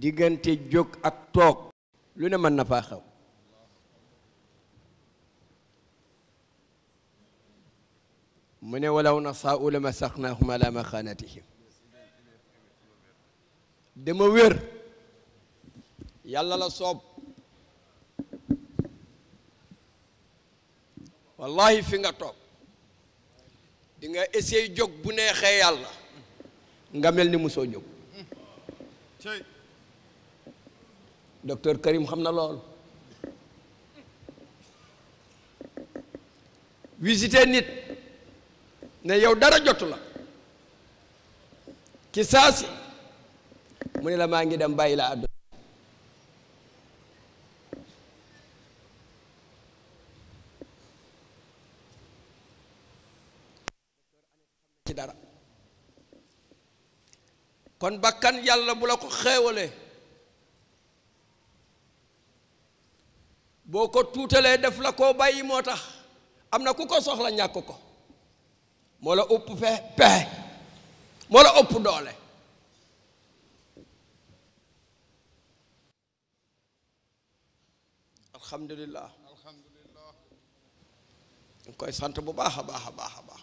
digante jóg ak tok lu ne man na faa xew mu ne walaw nasaa'u la masaxnaahum ala maxaanatihim dama wér yàlla la soob wallahi fi nga tok di nga essayé jóg bu nexe yàlla nga mel ni musoo jóg docteur Karim xam na lool visiter nit ne yow dara jotu la ci saasi mu ne la maa ngi dem bàyyi la àdduna ci dara kon bakkan yàlla bu la ko xeewalee boo ko tuutalee def la ko bàyyi moo tax am na ku ko soxla ñàkk ko moo la ëpp fe pexe moo la ëpp doole alhamdulillah alhamdulillah koy sant bu baax a baax a baax a baax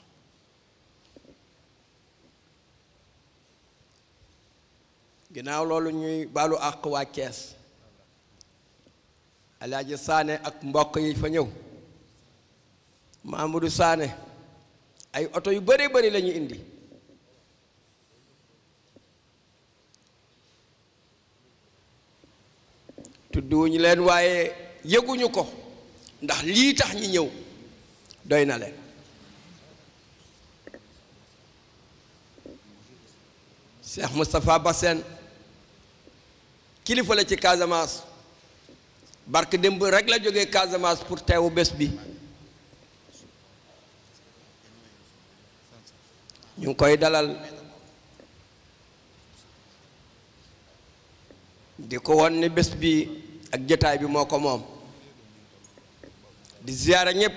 ginnaaw loolu ñuy baalu àq waa Cees alaaji saane ak mbokk yi fa ñëw du Saane ay oto yu bari bari la indi indi tudduwuñu leen waaye yëguñu ko ndax lii tax ñi ñëw doy na leen Cheikh Moustapha Bassène kilifa la ci Casamance barke démb rek la jógee Casamance pour teewu bés bi ñu ngi koy dalal di ko won ni bés bi ak jataay bi moo ko moom di ziyaara ñépp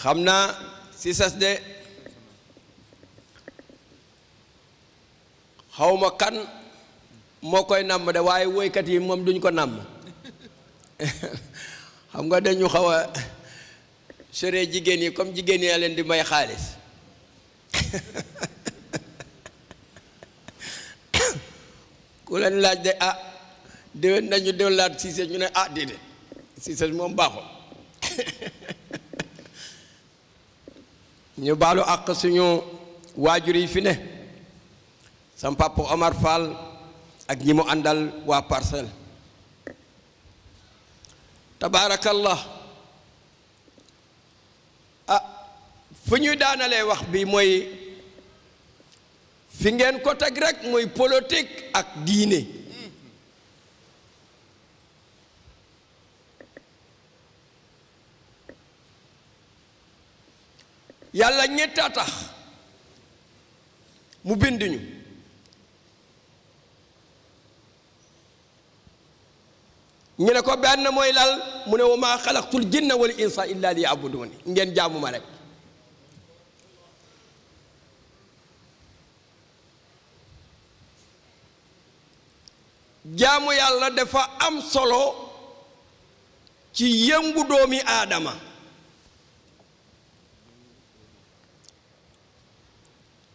xam naa si sas de xawma kan moo koy nàmm de waaye woykat yi moom duñ ko nàmm xam nga dañu xaw a sore jigéen yi comme jigéen yi leen di may xaalis ku leen laaj de ah déwén nañu déwlaat Cissé ñu ne ah déedéet Cissé moom baaxul ñu baalu àq suñu waajur yi fi ne sam papa Omar Fall ak ñi mu àndal waa parcel tabaarakallah ah fu ñuy daanalee wax bi mooy fi ngeen ko teg rek mooy politique ak diine yàlla ñett a tax mu binduñu ñu ne ko benn mooy lal mu ne wa maa xalaqtul jinna wal insa illa li yabuduni ngeen jaamu ma rek jaamu yàlla dafa am solo ci yëngu doomi aadama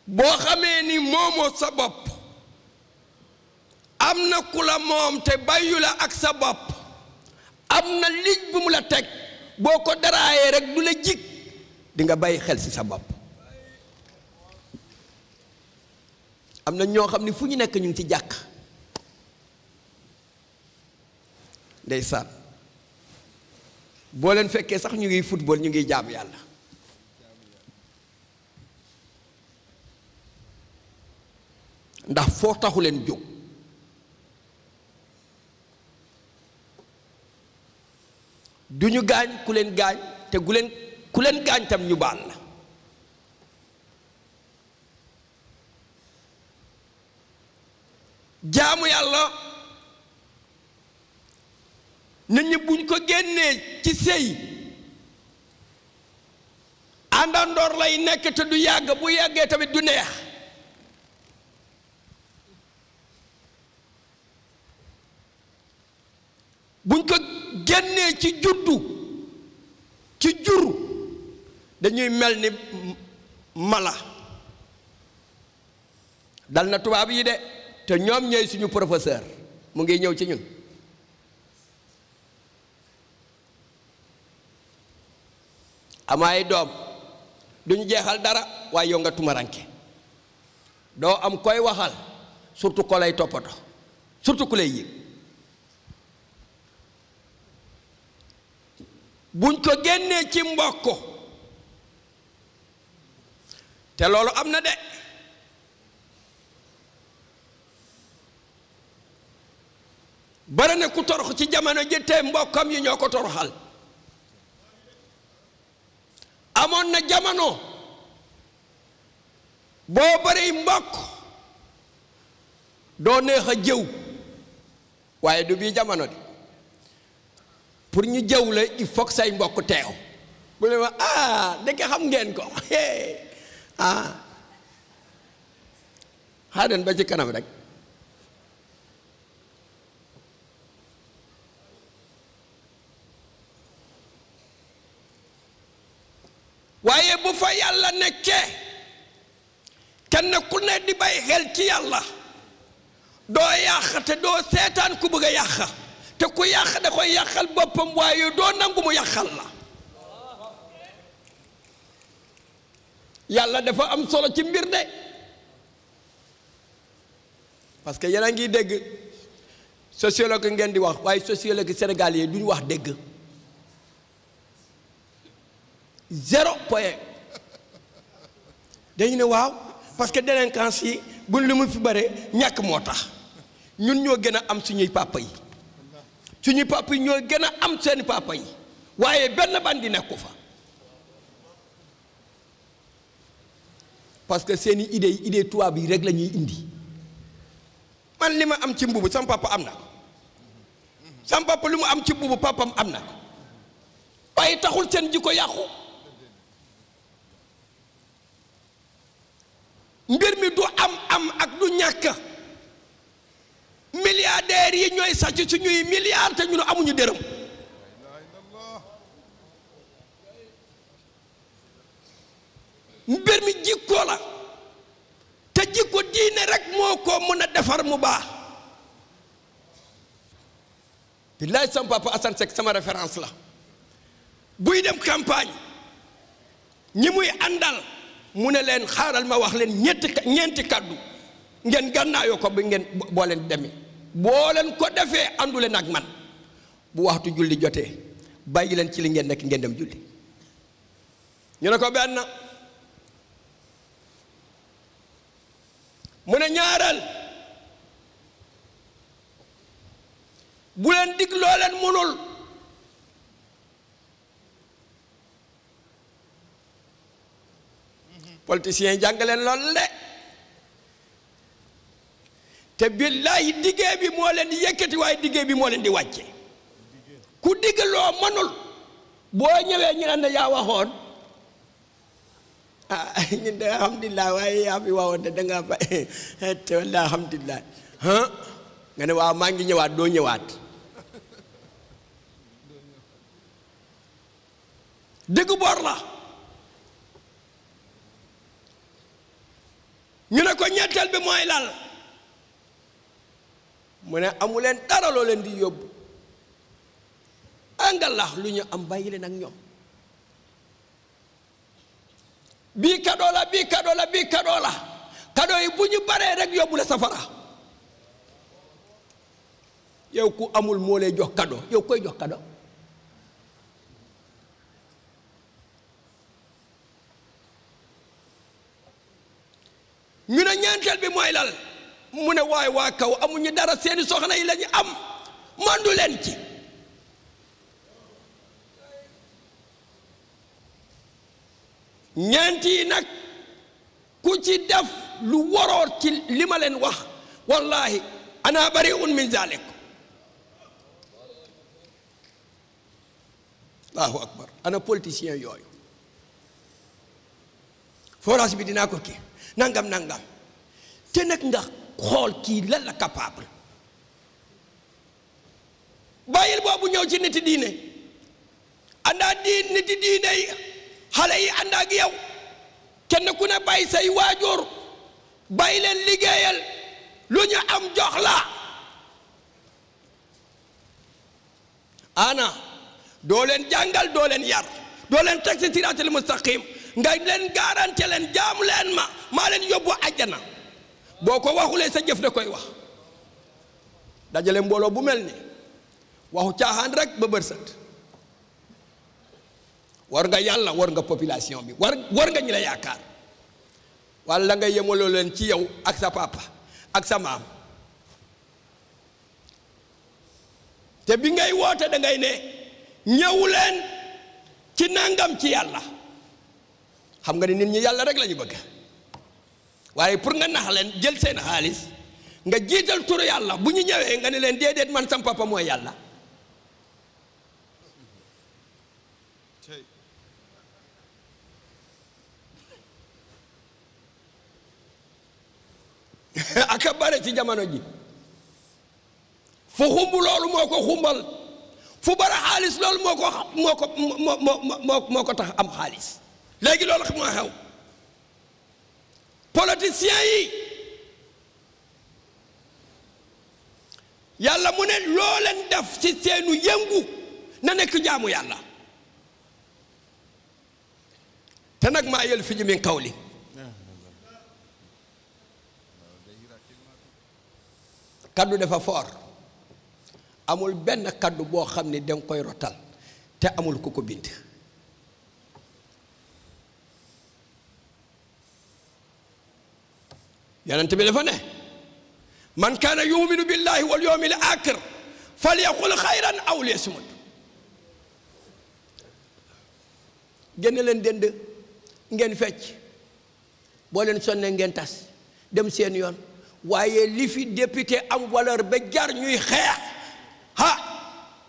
boo xamee ni moomoo sa bopp am na ku la moom te bàyyu la ak sa bopp am na lij bu mu la teg boo ko dara daraayee rek du la jig di nga bàyyi xel ci sa bopp am na ñoo xam ni fu ñu nekk ñu ngi ci jàkk ndeysaan boo leen fekkee sax ñu ngi football ñu ngi jaamu yàlla ndax foo taxu leen jóg du ñu gaañ ku leen gaañ te gu leen ku leen gaañ tam ñu baal la jaamu yàlla nit ñi buñ ko génnee ci sëy àndandoor lay nekk te du yàgg bu yàggee tamit du neex buñ ko génnee ci juddu ci jur dañuy mel ni mala dal na tubaab yi de te ñoom ñooy suñu professeur mu ngi ñëw ci ñun amaay doom duñu jeexal dara waaye yow nga tumaranke doo am koy waxal surtout ko lay toppatoo surtout ku lay yëg buñ ko génnee ci mbokk te loolu am na de bare na ku torox ci jamono ji mbokkam yi ñoo ko toroxal amoon na jamono boo bari mbokk doo neex a jéw waaye du bii jamono de pour ñu jëw la il faut say mbokk teew bu ne ma ah ndeke xam ngeen ko ah ba ci kanam rek waaye bu fa yàlla nekkee kenn ku ne di bay xel ci yàlla doo yàq te doo seetaan ku bëgg a yàq te ku yàq da koy yàqal boppam waaye doo nangu mu yàqal la yàlla dafa am solo ci mbir de parce que yéen a ngi dégg sociologue ngeen di wax waaye sociologue sénégalais yi duñu wax dégg zéro point dañu ne waaw parce que délinquance yi bu li mu fi bare ñàkk moo tax ñun ñoo gën a am suñuy pàppa yi suñu papa yi ñooy gën a am seen papa yi waaye benn bandi nekku fa parce que seeni idée yi idée tubaab yi rek lañuy indi man li ma am ci mbubu sama am na ko li papa mu am ci mbubu papam am na ko waaye taxul seen jikko yàqu mbir mi du am am ak du ñàkk milliardaires yi ñooy sàcc suñuy milliards te ñun amuñu dërëm mbir mi jikkoo la te jikko diine rek moo ko mën a defar mu baax billaay sama papa Assane sama référence la buy dem campagne ñi muy àndal mu ne leen xaaral ma wax leen ñetti ñeenti kàddu ngeen gànnaayoo ko bi ngeen boo leen demee boo leen ko defee àndu leen man bu waxtu julli jotee bàyyi leen ci li ngeen nekk ngeen dem julli ñu ne ko benn mu ne ñaareel buleen leen dig loo leen munul mhm. politiciens jàng leen lool de te billaahi diggee bi moo leen di yëkkati waaye diggee bi moo leen di wàcce ku diggaloo mënul boo ñëwee ñu ne yaa waxoon ah ñun de waaye yaa fi waawoon da ngaa ba te wallaahi alhamdulilah ah waaw maa ngi ñëwaat doo ñëwaat dëgg boor la ko ñetteel bi mooy lal mu ne amu leen dara leen di yóbbu angalax lu ñu am bàyyi leen ak ñoom bii kadoo la bii kadoo la bii kadoo la kadoo yi bu rek yóbbu safara yow ku amul moo lay kado yow koy jox kado ñu ne ñeenteel bi mooy lal mu ne waaye waa kaw amuñu dara seeni soxna yi lañu am mandu leen ci ñeent nag ku ci def lu waroor ci li leen wax wallahi ana bari'un min zalik allahu akbar ana politicien yooyu forage bi dinaa ko kii nangam nangam te nag ndax xool kii lan la capable bàyyil boobu ñëw ci nit diine àndaa diin nit diine yi xale yi ànd ak yow kenn ku ne bàyyi say waajur bàyyi leen liggéeyal lu ñu am jox ana doo leen jàngal doo leen yar doo leen teg si siraatal mustaqim nga leen garanti leen jaamu leen ma maa leen yóbbu àjjana boo ko waxulee sa jëf da koy wax dajale mbooloo bu mel ni waxu caaxaan rek ba bërsët war nga yàlla war nga population bi war war nga ñi la yaakaar walla nga yemaloo leen ci yow ak sa papa ak sa maam te bi ngay woote da ngay ne ñëw leen ci nangam ci yàlla xam nga ni nit ñi yàlla rek la ñu waaye pour nga nax leen jël seen xaalis nga jiital turu yàlla bu ñu ñëwee nga ne leen déedéet man sam papa mooy yàlla aka bare ci jamono ji fu xumb loolu moo ko xumbal fu bare xaalis loolu moo ko moo ko moo ko tax am xaalis léegi loolu mooy xew politicien yi yàlla mu ne loo leen def ci seenu yëngu na nekk jaamu yàlla te nag maa yel fi ji min kaw li kaddu dafa foor amul benn kaddu boo xam ne danga koy rotal te amul ku ko bind yonent bi dafa ne man kaana yuminu billahi wal yawmil aaxir falyaqul xayran aw liyasmut génn leen dënd ngeen fecc boo leen sonne ngeen tas dem seen yoon waaye li fi député am valeur ba jar ñuy xeex ha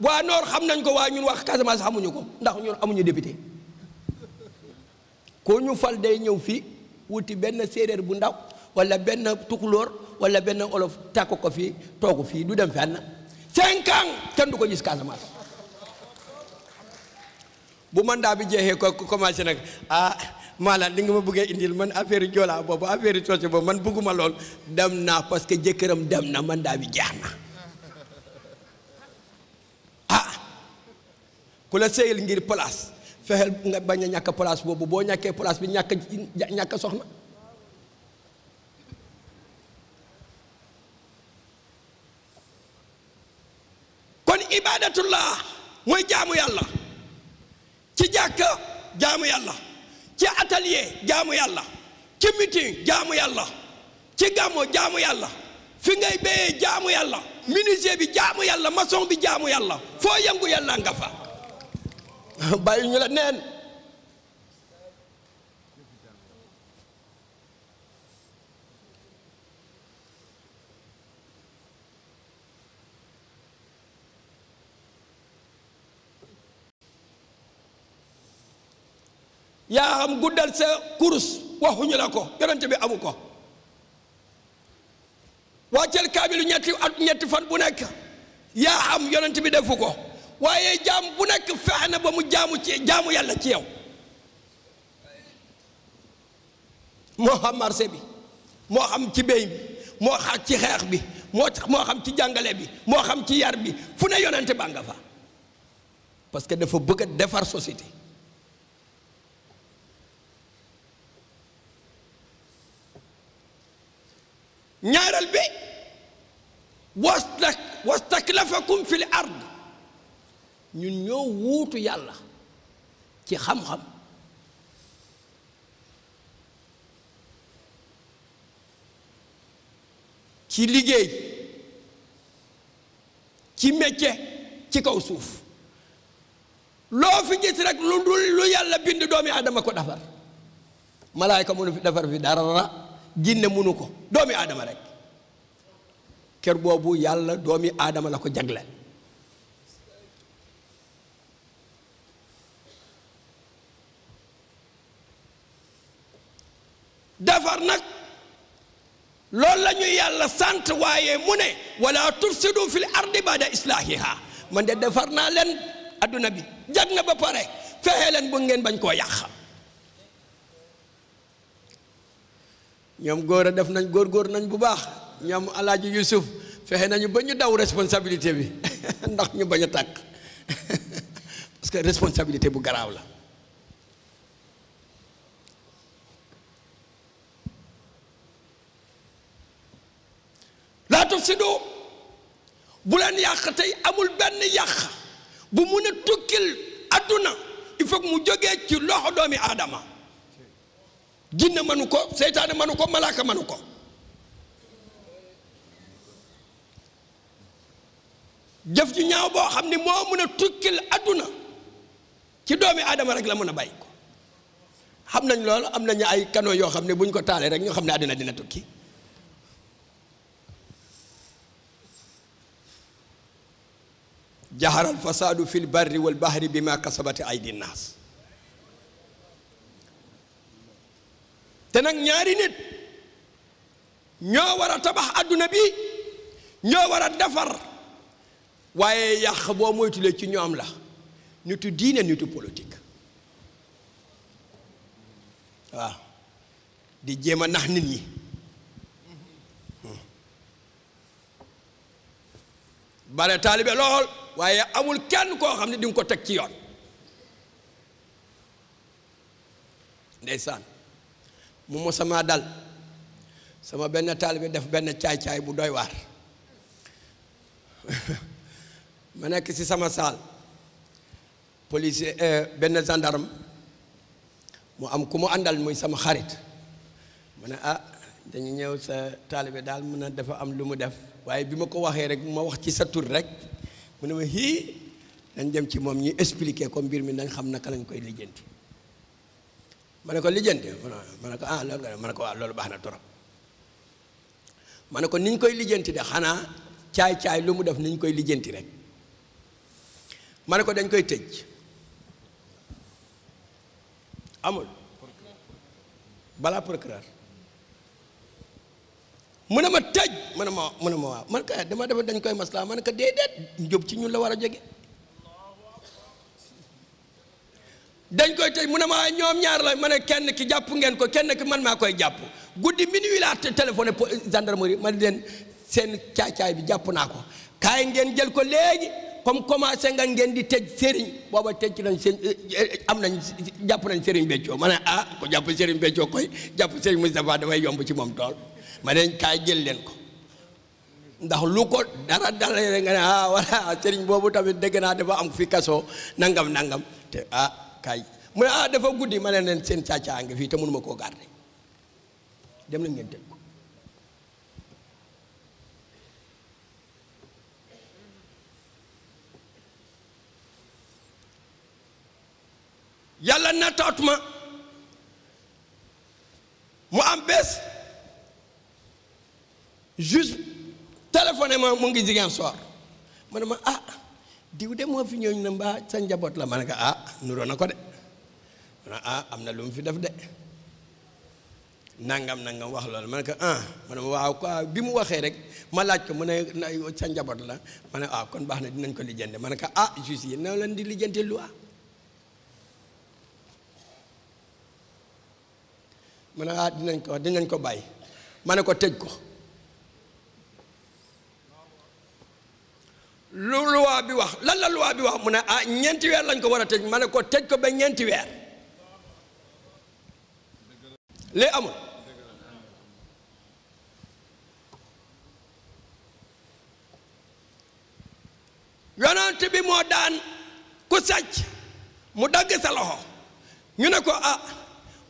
waa noor xam nañ ko waa ñun wax Casamance xamuñu ko ndax ñun amuñu député ko ñu fal day ñëw fii wuti benn séeréer bu ndaw wala benn tukulóor wala benn olof tàkk ko fii toogu fii du dem fenn cinq kenn du ko gis Casamance bu mandat bi jeexee ko commencé nag ah maanaam li nga ma bëggee indil man affaire joolaa boobu affaire soose boobu man bëgguma lool dem naa parce que jëkkëram dem na mandat bi jeex na ah ku la sëyal ngir place fexeel nga bañ a ñàkk place boobu boo ñàkkee place bi ñàkk ñàkk soxna ibadatullah mooy jaamu yàlla ci jàkka jaamu yàlla ci atelier jaamu yàlla ci meeting jaamu yàlla ci gàmmo jaamu yàlla fi ngay béyee jaamu yàlla menuisier bi jaamu yàlla maçon bi jaamu yàlla foo yëngu yàlla nga fa bàyyi ñu la neen yaa xam guddal sa kurus waxuñu la ko yonent bi amu ko wàccel kaamilu ñetti at ñetti fan bu nekk yaa xam yonent bi defu ko waaye jaam bu nekk fexe na ba mu jaamu ci jaamu yàlla ci yow moo xam marché bi moo xam ci béy bi moo xam ci xeex bi moo moo xam ci jàngale bi moo xam ci yar bi fu ne yonent baa nga fa parce que dafa bëgg a defar société نار البي واستكلفكم في الارض نيو نيو ووتو يالا كي خم خم كي ليغي كي ميتي كي كو سوف لو في جيت رك لو دول لو يالا بيند دومي ادم كو دفر ملائكه مون في دفر في دارا jinne munu ko doomi aadama rek kër boobu yàlla doomi aadama la ko jagle defar nag loolu la ñu yàlla sant waaye mu ne wala tufsidu fi ardi bada islaahiha man de defar naa leen adduna bi jag na ba pare fexe leen bu ngeen bañ koo yàq ñoom góor a def nañ góor-góor nañ bu baax ñoom alaaji Yusuf fexe nañu ba ñu daw responsabilité bi ndax ñu bañ a tàkk parce que responsabilité bu garaaw la laa tufsidu bu leen yàq tey amul benn yàq bu mun a tukkil adduna il faut mu jógee ci loxo doomi aadama jinne manu ko seytaane manu ko malaaka manu ko jëf ju ñaaw boo xam ni moo mën a tukkil adduna ci doomi aadama rek la mën a bàyyi ko xam nañ lool am nañu ay kano yoo xam ne buñ ko taalee rek ñu xam ne àddina dina tukki jahara al fasaadu fi l wa wal bi bima kasabati aydi nnaas te nag ñaari nit ñoo war a tabax adduna bi ñoo war a defar waaye yàq boo moytulee ci ñoom la nitu diine nitu politique waaw di jéem a nax nit ñi bare taalibe lool waaye amul kenn koo xam ne di ko teg ci yoon ndeysaan mu mosama dal sama benn taalibe def benn caay-caay bu doy waar ma nekk ci sama saal policier eh, benn gendarme mu am ku mu àndal muy sama xarit mu ne ah dañu ñëw sa taalibe daal mun a dafa am lu mu def waaye bi ma ko waxee rek ma wax ci sa tur rek mu ne ma hii dañ dem ci moom ñu expliquer ko mbir mi dañ xam naka lañ koy lijjanti ma ne ko lijjanti ma ne ko ah loolu ko waaw loolu baax na trop ma ne ko ni koy lijjanti de xanaa caay-caay lu mu def ni koy lijjanti rek ma ne ko dañ koy tëj amul balaa procureur mu ne ma tëj mu ma mu ne ma waa man kay eh, dama def dañ koy maslaa ma ne ko déedéet njub ci ñun la war a jóge dañ koy tëj mu ne ma ñoom ñaar la mana ne kenn ki jàpp ngeen ko kenn ki man maa koy jàpp guddi minuit laa téléphoné gendarmerie ma ne leen seen caacaay bi jàpp naa ko kaay ngeen jël ko léegi comme commencé nga ngeen di tëj sëriñ booba tëj nañ seen eh, am nañ jàpp nañ sëriñ Béthio ma ne ah ko jàpp sëriñ Béthio koy jàpp sëriñ Moustapha damay yomb ci moom tool ma ne kaay jël leen ko ndax lu ko dara dara nga ne ah voilà sëriñ boobu tamit dégg naa dafa am fi kaso nangam nangam te ah, kaay mu ne ah dafa guddi ma ne seen càccaa nga fii te mënuma koo garder dem na ngeen tëj ko yàlla nattaat ma mu am bés juste téléphoné ma mu ngi jigéen soor ma ma ah diw de moo fi ñëw na mbaa sa njaboot la ma ne ko ah nuroo na ko de ma ne ah am na lu mu fi def de nangam nangam wax loolu ma ne ko ah ma ne waaw quoi bi mu waxee rek ma laaj ko mu ne sa njaboot la ma ne ah kon baax na dinañ ko lijjante ma ne ko ah leen di lijjante loi ma ne ah, dinañ ko dinañ ko bàyyi ma ne ko tëj ko. lu luwaa bi wax lan la luwaa bi wax mu ne a ah, ñeenti weer lañ ko war a tëj ma ne ko tëj ko ba ñeenti weer lee amul yonent bi moo daan ku sàcc mu dagg sa loxo ñu ne ko a ah,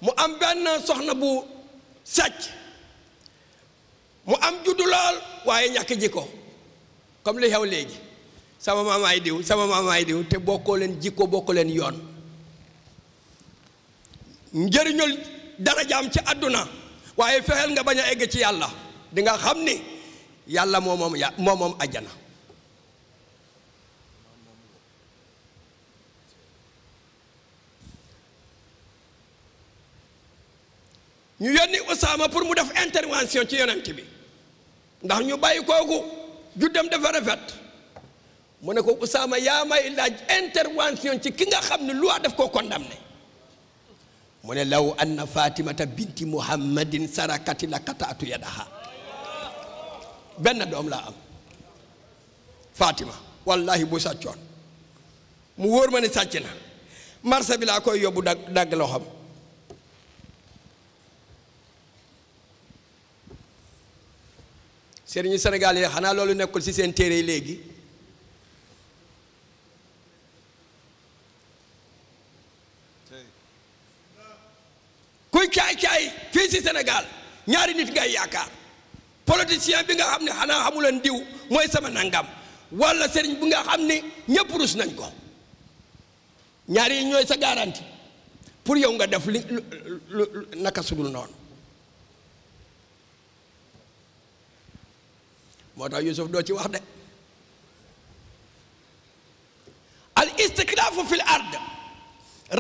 mu am benn soxna bu sàcc mu am juddu lool waaye ñàkk ji ko comme li xew léegi sama maamaay diw sama maamaay diw te bokkoo leen jikko bokkoo leen yoon njëriñul darajaam ci àdduna waaye fexeel nga bañ a egg ci yàlla di nga xam ni yàlla moo moom ya moo moom ajjana ñu yónni Usaama pour mu def intervention ci yonent bi ndax ñu bàyyi kooku juddam dafa rafet mu ne ko Usaama yaa may laaj intervention ci ki nga xam ne loi daf koo condamné mu ne law anna fatimata binti muhammadin sarakati la kataatu yadaha benn doom laa am fatima wallahi bu sàccoon mu wóor mani ne sàcc na marché bi laa koy yóbbu dag dagg loxoom sëriñu Sénégal yi xanaa loolu nekkul ci seen téere yi léegi caay-caay fii ci Sénégal ñaari nit ngay yaakaar politicien bi nga xam ne xanaa xamuleen diw mooy sama nangam wala sëriñ bi nga xam ne ñëpp rus nañ ko ñaari yi sa garanti pour yow nga def li naka sudul noonu moo tax Yusuf doo ci wax de al istiklaafu fil ard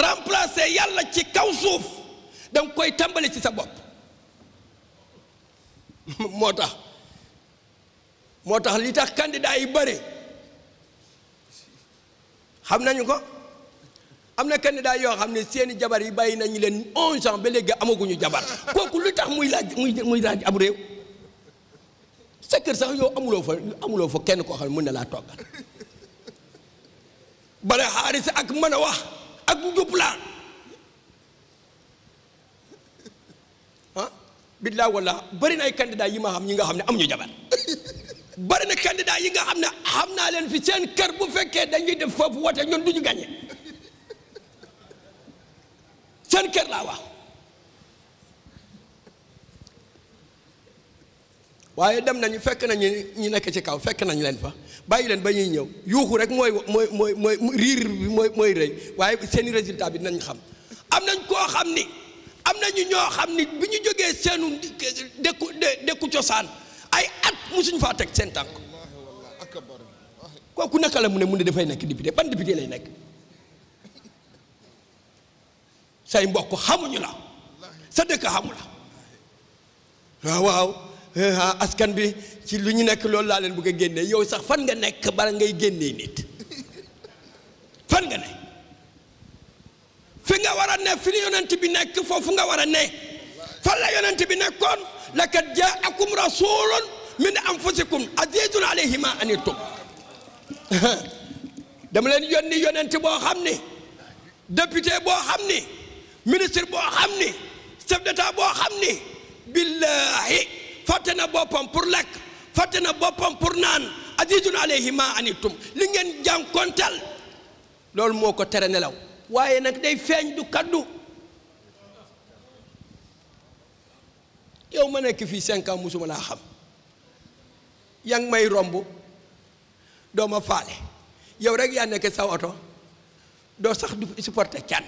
remplacer yàlla ci kaw suuf donc koy tàmbali ci sa bopp moo tax moo tax li tax candidat yi bare xam nañu ko am na candidat yoo xam ne seeni jabar yi bàyyi nañu leen onze ans ba léegi amaguñu jabar kooku lu tax muy laaj muy muy laaj ab réew sa kër sax yow amuloo fa amuloo fa kenn koo xam ne mën na laa toggal bala xaalis ak mën a wax ak njub laa billaa wallaa bëri na yi ma xam ñi nga xam ne amuñu jabar bëri na candidat yi nga xam na xam naa leen fi seen kër bu fekkee dañuy def foofu wote ñun duñu gagné seen kër la wax waaye dem nañu fekk nañu ñu nekk ci kaw fekk nañu leen fa bàyyi leen ba ñuy ñëw yuuxu rek mooy mooy mooy mooy riir bi mooy mooy rëy waaye seeni résultat bi dinañ xam am nañ koo xam ni am ñu ñoo xam ni bi ñu jógee seenu dëkku dëkku cosaan ay at musuñ faa teg seen tànk kooku naka la mu ne mu ne dafay nekk député ban député lay nekk say mbokk xamuñu la sa dëkk xamu la waaw ah, askan bi ci lu ñu nekk loolu laa leen bugg a génnee yow sax fan nga nekk bala ngay génnee nit fan nga nekk fi nga war a ne fi yonent bi nekk foofu nga war a ne fan la yonent bi nekkoon laqad jaakum rasulun min anfusikum azizun alayhi anittum dama leen yónni yonent boo xam ni député boo xam ni ministre boo xam ni chef d'état boo xam ni billahi fàtte na boppam pour lekk fàtte na boppam pour naan azizun alayhi ma anittum li ngeen jànkonteel loolu moo ko tere nelaw waye nak day feñ du kaddu yow ma nek fi 5 ans musuma la xam yang may rombu do ma faalé yow rek ya nek sa auto do sax du supporter tian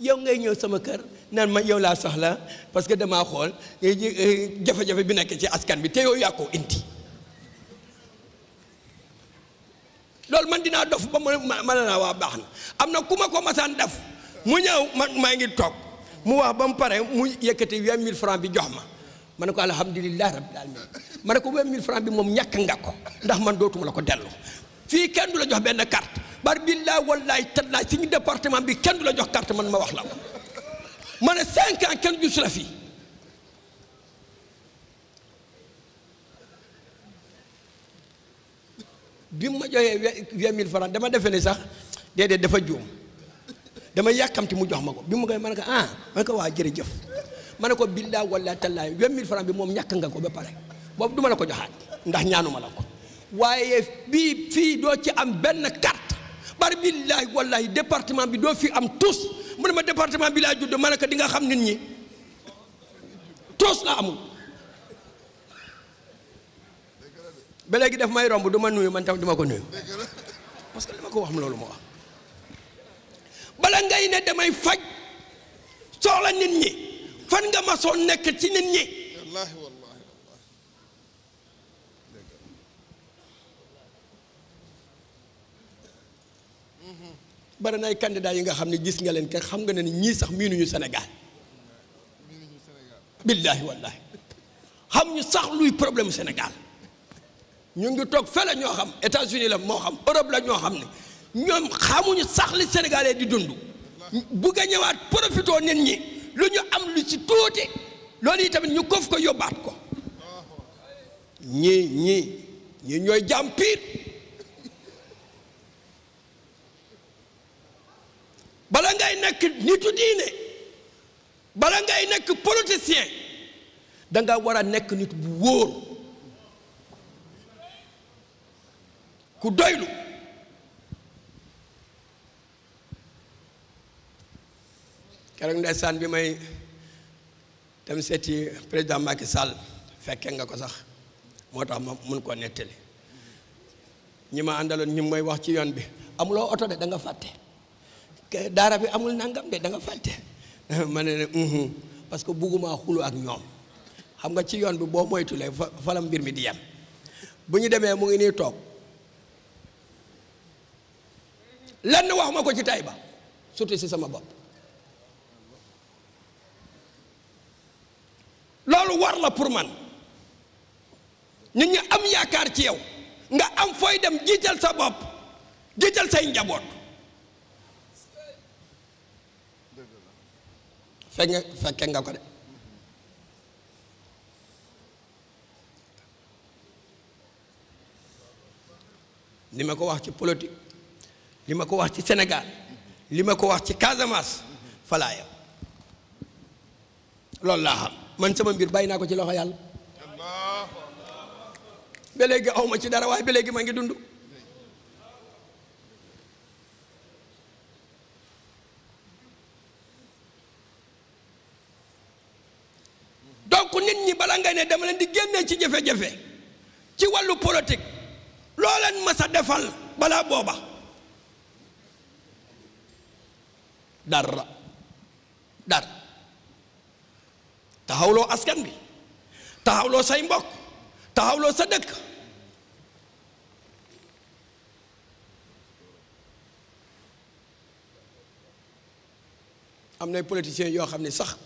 yow ngay ñew sama kër nan ma yow la soxla parce que dama xol eh, eh, jafé jafé bi nek ci askan bi te yow ya ko inti man dinaa dof ba ma na naa waa baax na am na ku ma ko masaan def mu ñëw man maa ngi toog mu wax ba mu pare mu yëkkati vingt mille francs bi jox ma ma ne ko alhamdulilah rabbil alamin ma ne ko vingt mil francs bi moom ñàkk nga ko ndax man dootuma la ko dellu fii kenn du la jox benn kart carte bar billaay wallaay tallaay suñu département bi kenn du la jox carte man ma wax la ma ne cinq ans kenn gisu la fii bi mu ma joxee vingt mille francs dama defe ne sax déedéet dafa juum dama yàkkamti mu jox ma ko bi mu koy ma ne ko ah ma ne ko waa jërëjëf ma ne ko billaa wala tallaay vingt mille francs bi moom ñàkk nga ko ba pare boobu du ma la ko joxaat ndax ñaanuma la ko waaye bi fii doo ci am benn carte bari billaahi wallaahi département bi doo fi am tous mu ne ma département bi laa judd ma ne ko di nga xam nit ñi tous la amul ba léegi daf may romb du ma nuyu man parce que li ko wax loolu moo wax bala ngay ne damay faj nekk ci nit ñi bari na ay yi nga xam ne gis nga leen kenn xam nga ne ñii sax miinuñu Sénégal billaahi wallaahi xam ñu sax luy problème Sénégal ñu ngi fa la ñoo xam États-Unis la mo xam Europe la ñoo xam ni ñom xamuñu sax li Sénégalais di dund bu nga ñëwaat profitoo nit ñi lu ñu am lu ci touti loolu yi tamit ñu kof ko yóbbaat ko ñi ñi ñi ñoy jampir bala ngay nek nitu diine bala ngay nek politicien da nga wara nek nekk nit bu wóor ku doylu keroog ndeysaan bi may dem seeti président Macky Sall fekkee nga ko sax moo tax ma mun koo nettali ñi ma àndaloon ñi mooy wax ci yoon bi amuloo oto de danga nga fàtte daara bi amul nangam de da nga fàtte ma ne parce que bugguma ak ñoom xam nga ci yoon bi boo moytulee fa falam mbir mi di bu ñu demee mu ngi nii toog lenn wax ma ko ci Taïba surtout si sama bopp loolu war la pour man nit ñi am yaakaar ci yow nga am fooy dem jiital sa bopp jiital say njaboot fekk nga nga ko de ni ma ko wax ci politique li ma ko wax ci senegal li ma ko wax ci Casamance falaa yam loolu laa xam man sama mbir bàyyi naa ko ci loxo yàlla ba léegi awma ci dara waaye ba léegi ma ngi dund donc nit ñi bala nga ne dama leen di génnee ci jafe-jafe ci wàllu politique loo leen mës defal balaa booba dara dara taxawloo askan bi taxawloo say mbokk taxawloo sa dëkk am nay politiciens yoo xam ne sax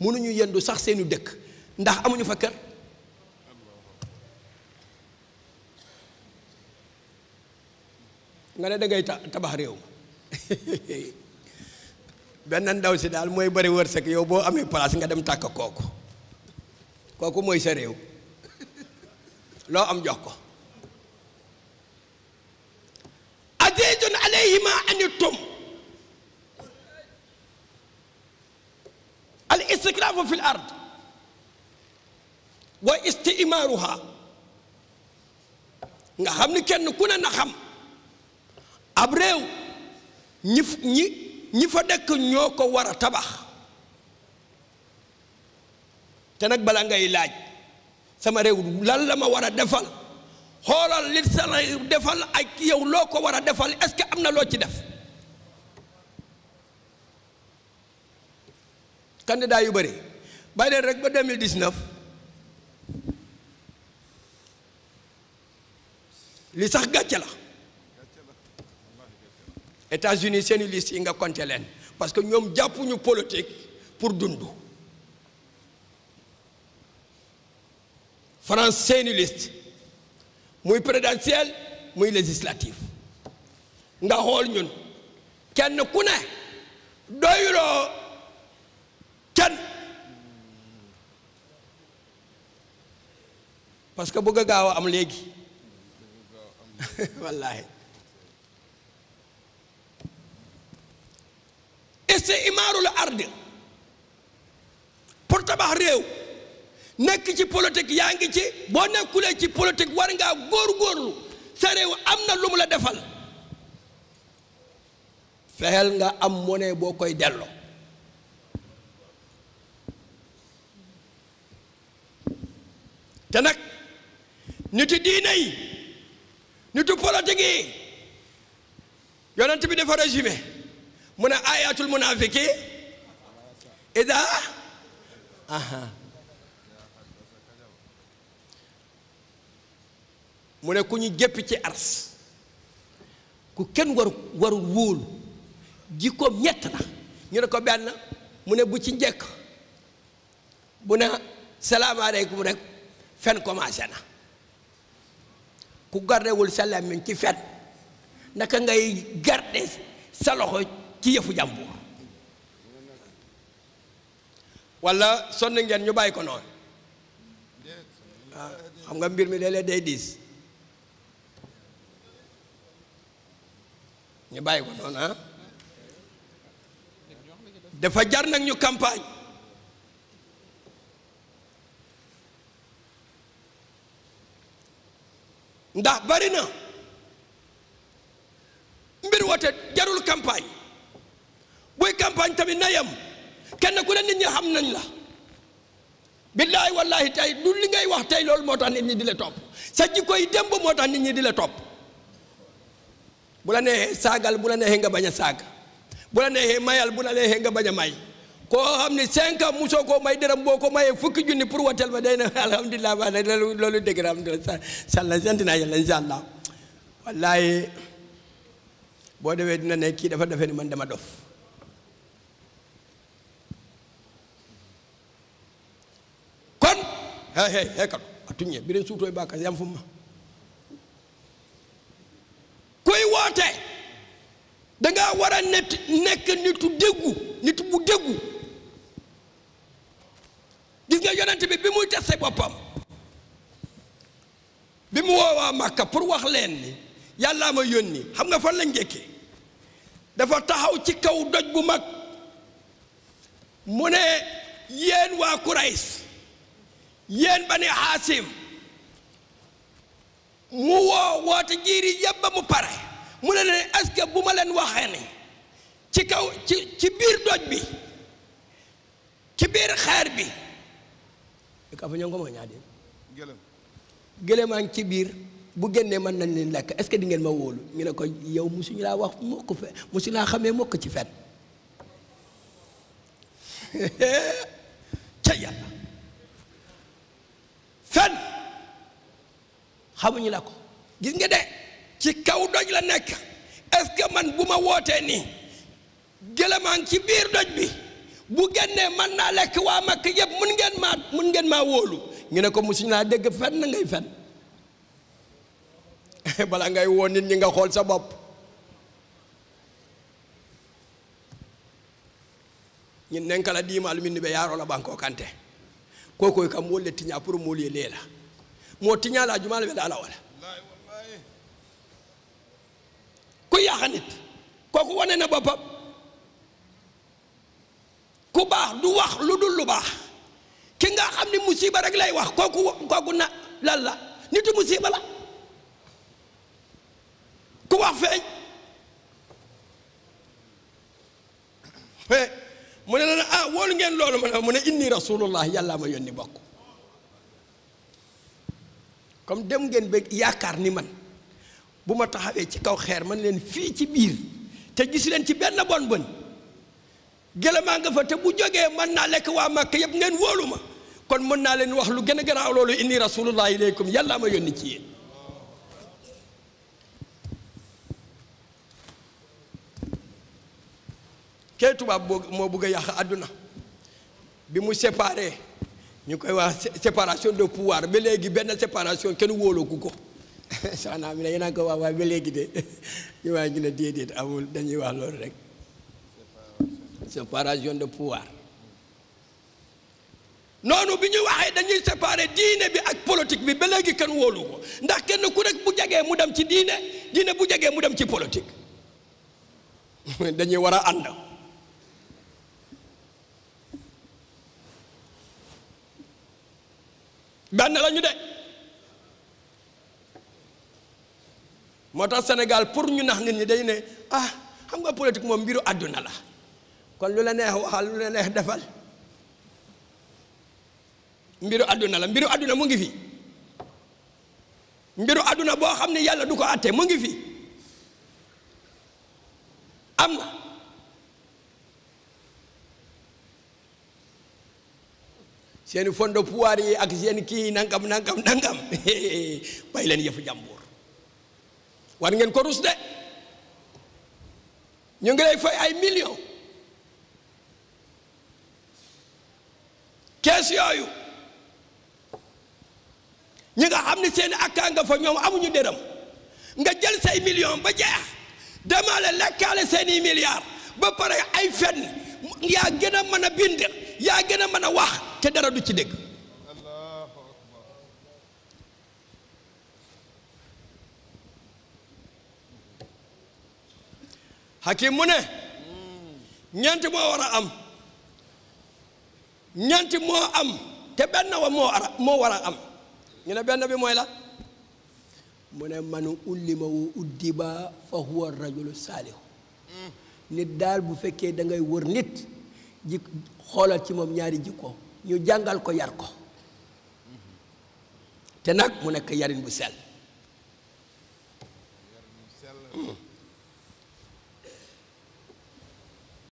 mënuñu yendu sax seenu dëkk ndax amuñu fa kër nga ne dangay tabax réew benn ndaw si daal mooy bari wërsëg yow boo amee place nga dem tàkk kooku kooku mooy sa réew loo am jox ko azizun alayhima ma anittum al istikrafu fi l ard wa istimaruha nga xam ni kenn ku ne na xam ab réew ñi ñi ñi fa dëkk ñoo ko war a tabax te nag bala ngay laaj sama réew lan la ma war a defal xoolal li sa defal ak yow loo ko war a defal est-ce am na loo ci def candidat yu bëri bàyyi leen rek ba 2019 li sax gàcce la états uni seeni liste yi nga compté leen parce que ñoom jàppuñu politique pour dund France seeni liste muy présidentielle muy législative nga xool ñun kenn ku ne doyuloo kenn parce que bugg a gaaw a am léegi wallaahi istimaarul ard pour tabax réew nekk ci politique yaa ngi ci boo nekkulee ci politique war ngaa góorgóorlu sa réew am na lu mu la defal fexeel nga am monnaie boo koy delloo te nag nitu diine yi nitu politique yi yonent bi dafa résumé من آيات المنافقين إذا أها mu ne ku ñu jëpp ci ars ku kenn waru waru wóolu jikkoom ñett la ñu ne ko benn mu ne bu ci njëkk bu ne salaamaaleykum rek fen commencé na ku gardewul sa làmmiñ ci fen naka ngay garde sa loxo ci yëfu jàmbur wala sonn ngeen ñu bàyyi ko noonu xam nga mbir mi léeg-léeg day diis ñu bàyyi ko noonu ah dafa jar nag ñu campagne ndax bari na mbir woote jarul campagne kuy campagne tamit na yem kenn ku ne nit ñi xam na la billaay wallahi tey du li ngay wax tey loolu moo tax nit ñi di la topp sa jikko yi démb moo tax nit ñi di la topp bu la neexee saagal bu la neexee nga bañ a saag bu la neexee mayal bu la neexee nga bañ a may koo xam ne cinq ans musoo koo may dërëm boo ko mayee fukki junni pour watel ba day ne alhamdulilah baax na loolu loolu dëgg la alhamdulilah sàlla sant naa yàlla incha allah wallaahi boo demee dina ne kii dafa defe ni man dama dof hey hey hey kat atuñe bi ren suutoy bàkkaas yam fu ma koy woote dangaa war a net nekk nitu déggu nit bu déggu gis nga yonent bi bi muy teste boppam bi mu woowaa màkka pour wax leen ni yàllaa ma yónni xam nga fan la njëkkee dafa taxaw ci kaw doj bu mag mu ne yéen waa Quraysh yéen bani xaasim mu woo woote jiiri yëpp ba mu pare mu ne leen est bu ma leen waxee ni ci kaw ci ci biir doj bi ci biir xeer bi ka fa ñoo ko ma ñaa dee ci biir bu génnee mën nañ leen lekk est-ce que di ngeen ma wóolu ñu ne ko yow musuñu laa wax mukk fe musuñu laa xamee mukk ci fet ca yàlla fenn xamuñu la ko gis nga de ci kaw doj la nekk est man bu ma wootee nii gëlamaan ci biir doj bi bu génnee man naa lekk waa makk yëpp mun ngeen maa mun ngeen maa wóolu ñu ne ko musuñ laa dégg fenn ngay fenn bala ngay woo nga xool sa bopp ñin nenka la diimaalu min la bankoo kante e kam wolle tiña pour moolu ye leela moo la jumala ɓe laala wala ko hanit koko wonena boppam ku baax du wax lu dul lu baax ki nga xam musiba rek lay wax koko kooku na la la nitu musiba la ku wax feeñ mu ne la ah wóolu ngeen loolu ma ne mu ne inni rasulullah yàllaa ma yónni bokk comme dem ngeen ba yaakaar ni man bu ma taxawee ci kaw xeer man leen fii ci biir te gis leen ci benn bon bon gëlëmaa nga fa te bu jógee mën naa lekk waa màkk yëpp ngeen wóolu ma kon mën naa leen wax lu gën a garaaw loolu inni rasulullah ilaykum yàllaa ma yónni ci yéen kee tubaab moo bugg yàq àdduna bi mu séparé ñu koy wax séparation de pouvoir ba léegi benn séparation kenn wóolooku ko soxna mi ne yéen a ko wax waaye ba léegi de ñu waaye ñu ne déedéet amul dañuy wax loolu rek séparation de pouvoir noonu bi ñu waxee dañuy séparer diine bi ak politique bi ba léegi kenn woolu ko ndax kenn ku rek bu jegee mu dem ci diine diine bu jegee mu dem ci politique dañuy war a ànd benn la ñu de moo tax Sénégal pour ñu nax nit ñi dañu ne ah xam nga politique moom mbiru àdduna la kon lu la neex waxal lu la neex defal mbiru àdduna la mbiru àdduna mu ngi fi mbiru àdduna boo xam ne yàlla du ko atte mu ngi fi am na seeni fond de pouvoir yi ak seen ki nangam nangam nangam bàyyi leen yëfu jàmbur war ngeen ko rus de ñu ngi fay ay million kees yooyu ñi nga xam ne seeni akkaa nga fa ñoom amuñu dërëm nga jël say million ba jeex demaale lekkaale seeni milliards ba pare ay fenn yaa gën a mën a bind yaa gën a mën wax te dara du ci dégg hakim mu ne moo war am ñeent moo am te benn wa moo ara moo war a am ñu ne benn bi mooy la mu ne man ullima wu uddiba fa huwa rajulu saalihu nit daal bu fekkee dangay wër nit ji xoolal ci moom ñaari jikko ñu jàngal ko yar ko te nag mu nekk yariñ bu sell